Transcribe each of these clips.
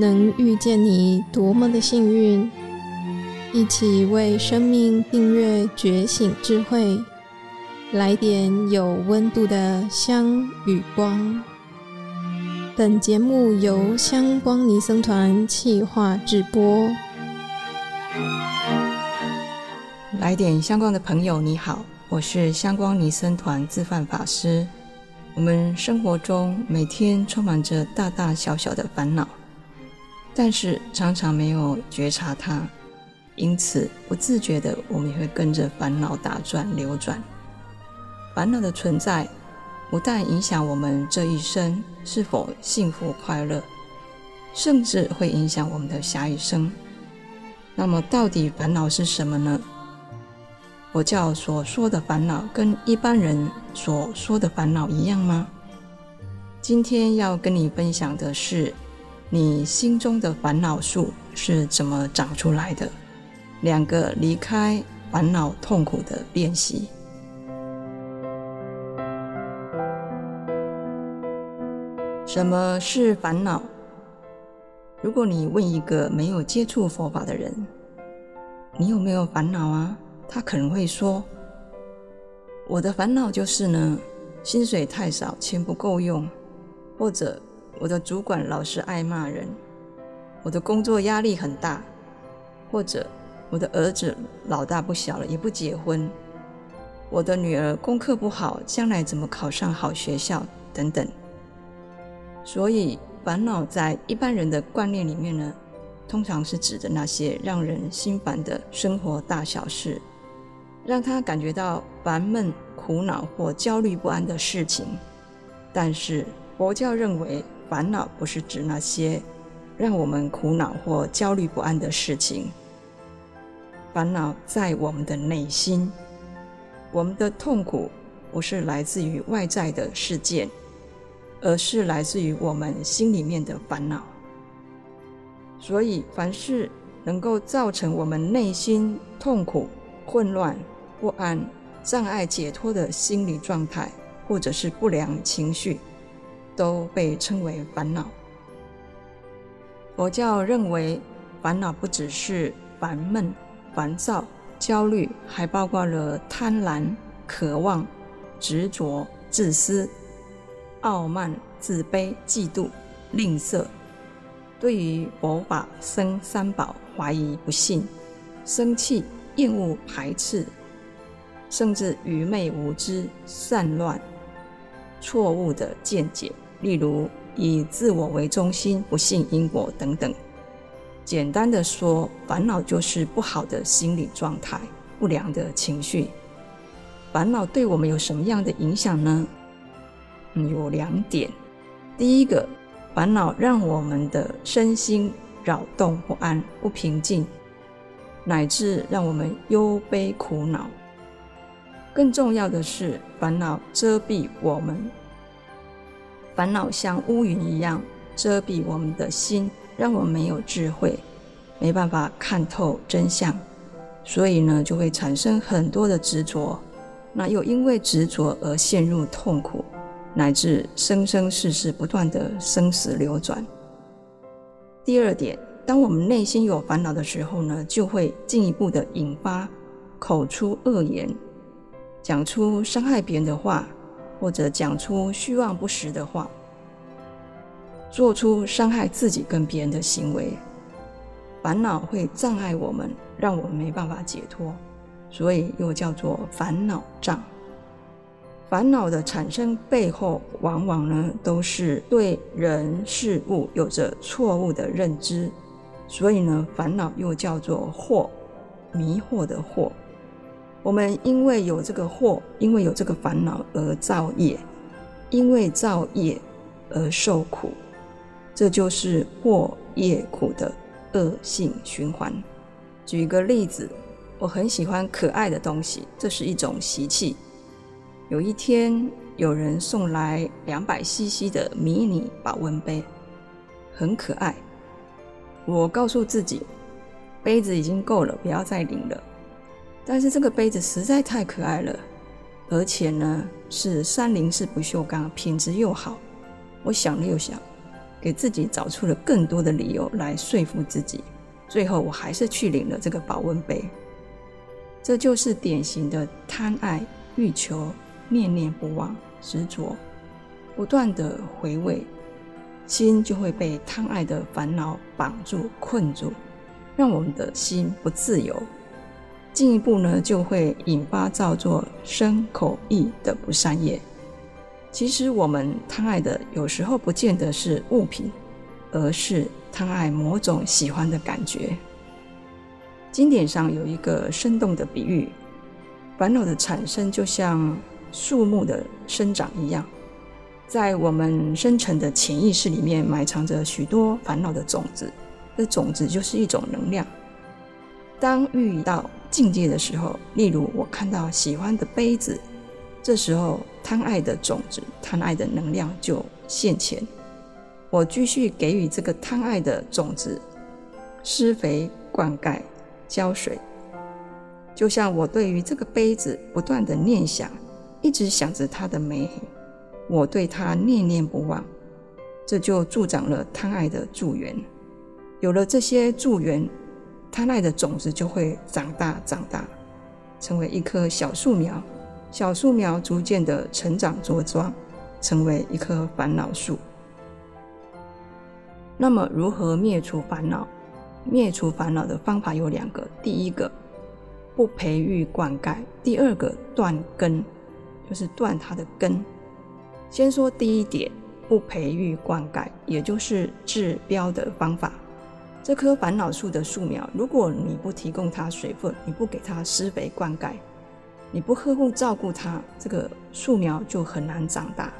能遇見你，多麼的幸運！一起為生命訂閱覺醒智慧，來點有溫度的香與光。本節目由香光尼僧團企劃製播。來點香光的朋友，你好，我是香光尼僧團自範法師。我們生活中每天充滿着大大小小的煩惱。但是常常沒有覺察它，因此不自覺地，我們也會跟着煩惱打轉流轉。煩惱的存在不但影響我們這一生是否幸福快樂，甚至會影響我們的下一生。那麼，到底煩惱是什麼呢？佛教所說的煩惱跟一般人所說的煩惱一樣嗎？今天要跟你分享的是。你心中的煩惱樹是怎麼長出來的？兩個離開煩惱痛苦的練習。什麼是煩惱？如果你問一個沒有接觸佛法的人：“你有沒有煩惱啊？”他可能會說：“我的煩惱就是呢，薪水太少，錢不夠用，或者……”我的主管老是愛罵人，我的工作壓力很大，或者我的兒子老大不小了也不結婚，我的女兒功課不好，將來怎麼考上好學校等等。所以，煩惱在一般人的觀念裡面呢，通常是指的那些讓人心煩的生活大小事，讓他感覺到煩悶、苦惱或焦慮不安的事情。但是佛教認為，煩惱不是指那些讓我們苦惱或焦慮不安的事情。煩惱在我們的內心，我們的痛苦不是來自於外在的事件，而是來自於我們心裡面的煩惱。所以，凡是能夠造成我們內心痛苦、混亂、不安、障礙解脫的心理狀態，或者是不良情緒。都被稱為煩惱。佛教認為，煩惱不只是煩悶、煩躁、焦慮，還包括了貪婪、渴望、執着、自私、傲慢、自卑、嫉妒、吝嗇，對於佛、法、僧三寶懷疑不信、生氣、厭惡、排斥，甚至愚昧無知、散亂、錯誤的見解。例如以自我為中心、不信因果等等。簡單的說，煩惱就是不好的心理狀態、不良的情緒。煩惱對我們有什麼樣的影響呢？嗯，有兩點。第一個，煩惱讓我們的身心擾動不安、不平靜，乃至讓我們憂悲苦惱。更重要的是，煩惱遮蔽我們。煩惱像烏雲一樣遮蔽我們的心，讓我們沒有智慧，沒辦法看透真相，所以呢，就會產生很多的執着，那又因為執着而陷入痛苦，乃至生生世世不斷的生死流轉。第二點，當我們內心有煩惱的時候呢，就會進一步的引發口出惡言，講出傷害別人的話。或者講出虛妄不實的話，做出傷害自己跟別人的行為，煩惱會障礙我們，讓我們沒辦法解脫，所以又叫做煩惱障。煩惱的產生背後，往往呢都是對人事物有着錯誤的認知，所以呢煩惱又叫做惑，迷惑的惑。我們因為有這個惑，因為有這個煩惱而造業，因為造業而受苦，這就是惑業苦的惡性循環。舉一個例子，我很喜歡可愛的東西，這是一種習氣。有一天，有人送來兩百 CC 的迷你保溫杯，很可愛。我告訴自己，杯子已經夠了，不要再領了。但是這個杯子實在太可愛了，而且呢是三零四不鏽鋼，品質又好。我想了又想，給自己找出了更多的理由來說服自己。最後我還是去領了這個保溫杯。這就是典型的貪愛、欲求、念念不忘、執着、不斷的回味，心就會被貪愛的煩惱綁住、困住，讓我們的心不自由。進一步呢，就會引發造作身口意的不善業。其實我們貪愛的，有時候不見得是物品，而是貪愛某種喜歡的感覺。經典上有一個生動的比喻：煩惱的產生就像樹木的生長一樣，在我們深層的潛意識裡面埋藏着許多煩惱的種子。這種子就是一種能量，當遇到境界的時候，例如我看到喜歡的杯子，這時候貪愛的種子、貪愛的能量就現前。我繼續給予這個貪愛的種子，施肥、灌溉、澆水，就像我對於這個杯子不斷的念想，一直想着它的美好，我對它念念不忘，這就助長了貪愛的助緣。有了這些助緣。貪愛的種子就會長大長大，成為一棵小樹苗。小樹苗逐漸的成長茁壯，成為一棵煩惱樹。那麼，如何滅除煩惱？滅除煩惱的方法有兩個：第一個，不培育灌溉；第二個，斷根，就是斷它的根。先說第一點，不培育灌溉，也就是治標的方法。這棵煩惱樹的樹苗，如果你不提供它水分，你不給它施肥灌溉，你不呵護照顧它，這個樹苗就很難長大。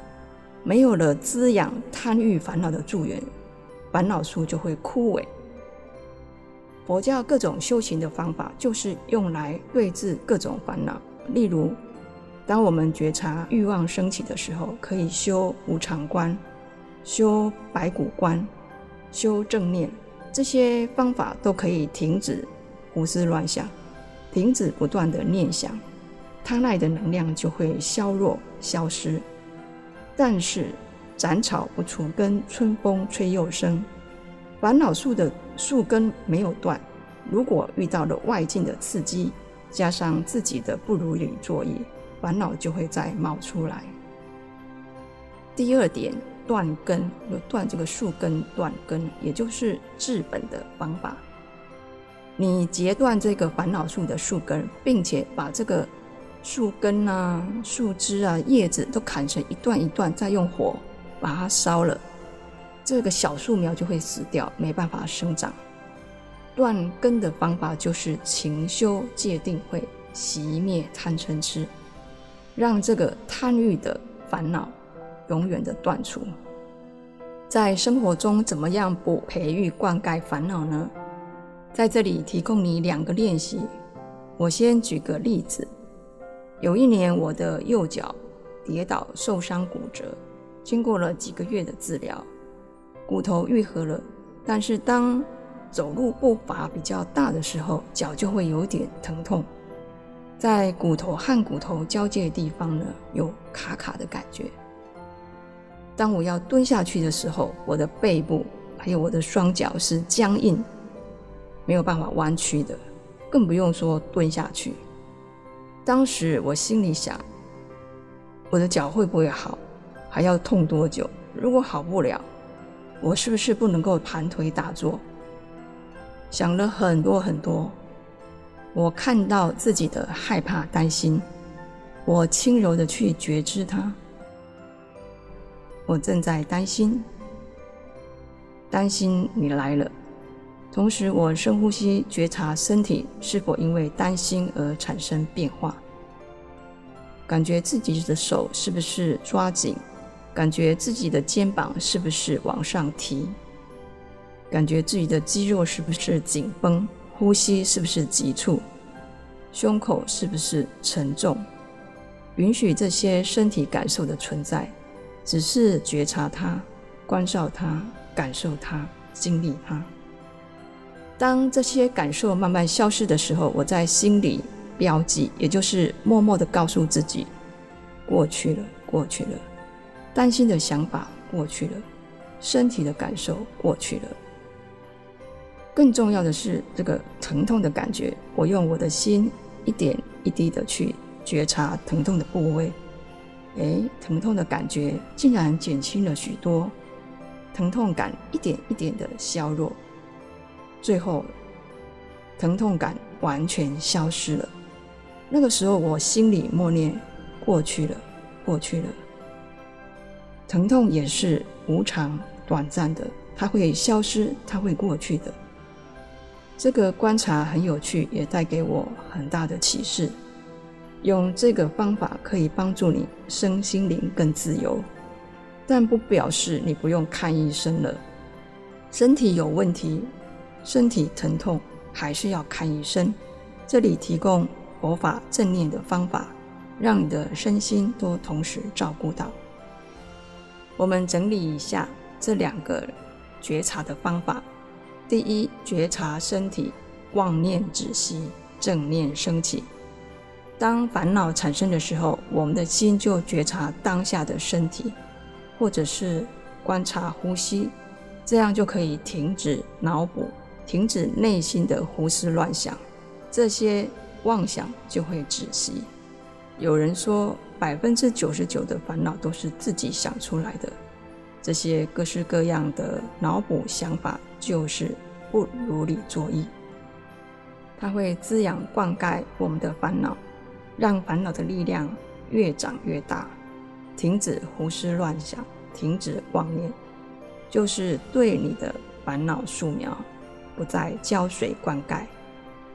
沒有了滋養貪欲煩惱的助緣，煩惱樹就會枯萎。佛教各種修行的方法，就是用來對治各種煩惱。例如，當我們覺察欲望升起的時候，可以修無常觀，修白骨觀，修正念。這些方法都可以停止胡思亂想，停止不斷的念想，貪愛的能量就會削弱、消失。但是，斬草不除根，春風吹又生。煩惱樹的樹根沒有斷，如果遇到了外境的刺激，加上自己的不如理作意，煩惱就會再冒出來。第二點。斷根，斷這個樹根，斷根，也就是治本的方法。你截斷這個煩惱樹的樹根，並且把這個樹根啊、樹枝啊、葉子都砍成一段一段，再用火把它燒了，這個小樹苗就會死掉，沒辦法生長。斷根的方法就是勤修戒定慧，熄滅貪嗔痴，讓這個貪欲的煩惱。永遠的斷除，在生活中怎麼樣不培育、灌溉煩惱呢？在這裡提供你兩個練習。我先舉個例子：有一年我的右腳跌倒受傷骨折，經過了幾個月的治療，骨頭愈合了，但是當走路步伐比較大的時候，腳就會有點疼痛，在骨頭和骨頭交界的地方呢，有卡卡的感覺。當我要蹲下去的時候，我的背部還有我的雙腳是僵硬，沒有辦法彎曲的，更不用說蹲下去。當時我心裡想，我的腳會不會好，還要痛多久？如果好不了，我是不是不能夠盤腿打坐？想了很多很多，我看到自己的害怕、擔心，我輕柔的去覺知它。我正在擔心，擔心你來了。同時，我深呼吸，覺察身體是否因為擔心而產生變化。感覺自己的手是不是抓緊？感覺自己的肩膀是不是往上提？感覺自己的肌肉是不是緊繃？呼吸是不是急促？胸口是不是沉重？允許這些身體感受的存在。只是覺察它，觀照它，感受它，經歷它。當這些感受慢慢消失的時候，我在心裡標記，也就是默默地告訴自己：過去了，過去了。擔心的想法過去了，身體的感受過去了。更重要的是，這個疼痛的感覺，我用我的心一點一滴地去覺察疼痛的部位。哎，疼痛的感覺竟然減輕了許多，疼痛感一點一點的削弱，最後疼痛感完全消失了。那個時候我心裡默念：“過去了，過去了。”疼痛也是無常短暫的，它會消失，它會過去的。這個觀察很有趣，也帶給我很大的啟示。用這個方法可以幫助你身心靈更自由，但不表示你不用看醫生了。身體有問題、身體疼痛，還是要看醫生。這裡提供佛法正念的方法，讓你的身心都同時照顧到。我們整理一下這兩個覺察的方法：第一，覺察身體，妄念止息，正念升起。當煩惱產生的時候，我們的心就覺察當下的身體，或者是觀察呼吸，這樣就可以停止腦補，停止內心的胡思亂想，這些妄想就會止息。有人說，百分之九十九的煩惱都是自己想出來的，這些各式各樣的腦補想法就是不如理作意，它會滋養灌溉我們的煩惱。讓煩惱的力量越長越大，停止胡思亂想，停止妄念，就是對你的煩惱樹苗不再澆水灌溉，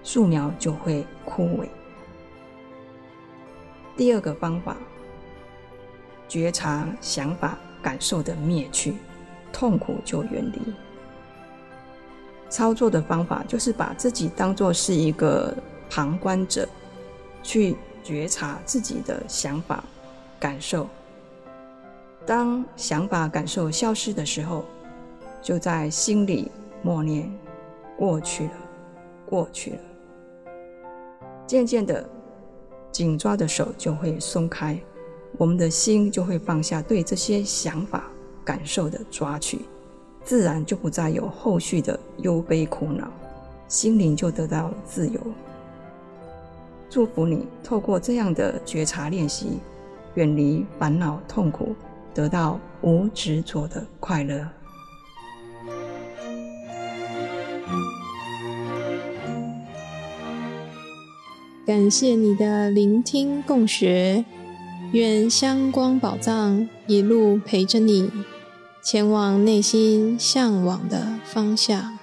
樹苗就會枯萎。第二個方法，覺察想法感受的滅去，痛苦就遠離。操作的方法就是把自己當作是一個旁觀者，去。覺察自己的想法、感受。當想法、感受消失的時候，就在心裡默念：“過去了，過去了。”漸漸的緊抓的手就會鬆開，我們的心就會放下對這些想法、感受的抓取，自然就不再有後續的憂悲苦惱，心靈就得到自由。祝福你，透過這樣的覺察練習，遠離煩惱痛苦，得到無執着的快樂。感謝你的聆聽共學，願香光寶藏一路陪着你，前往內心向往的方向。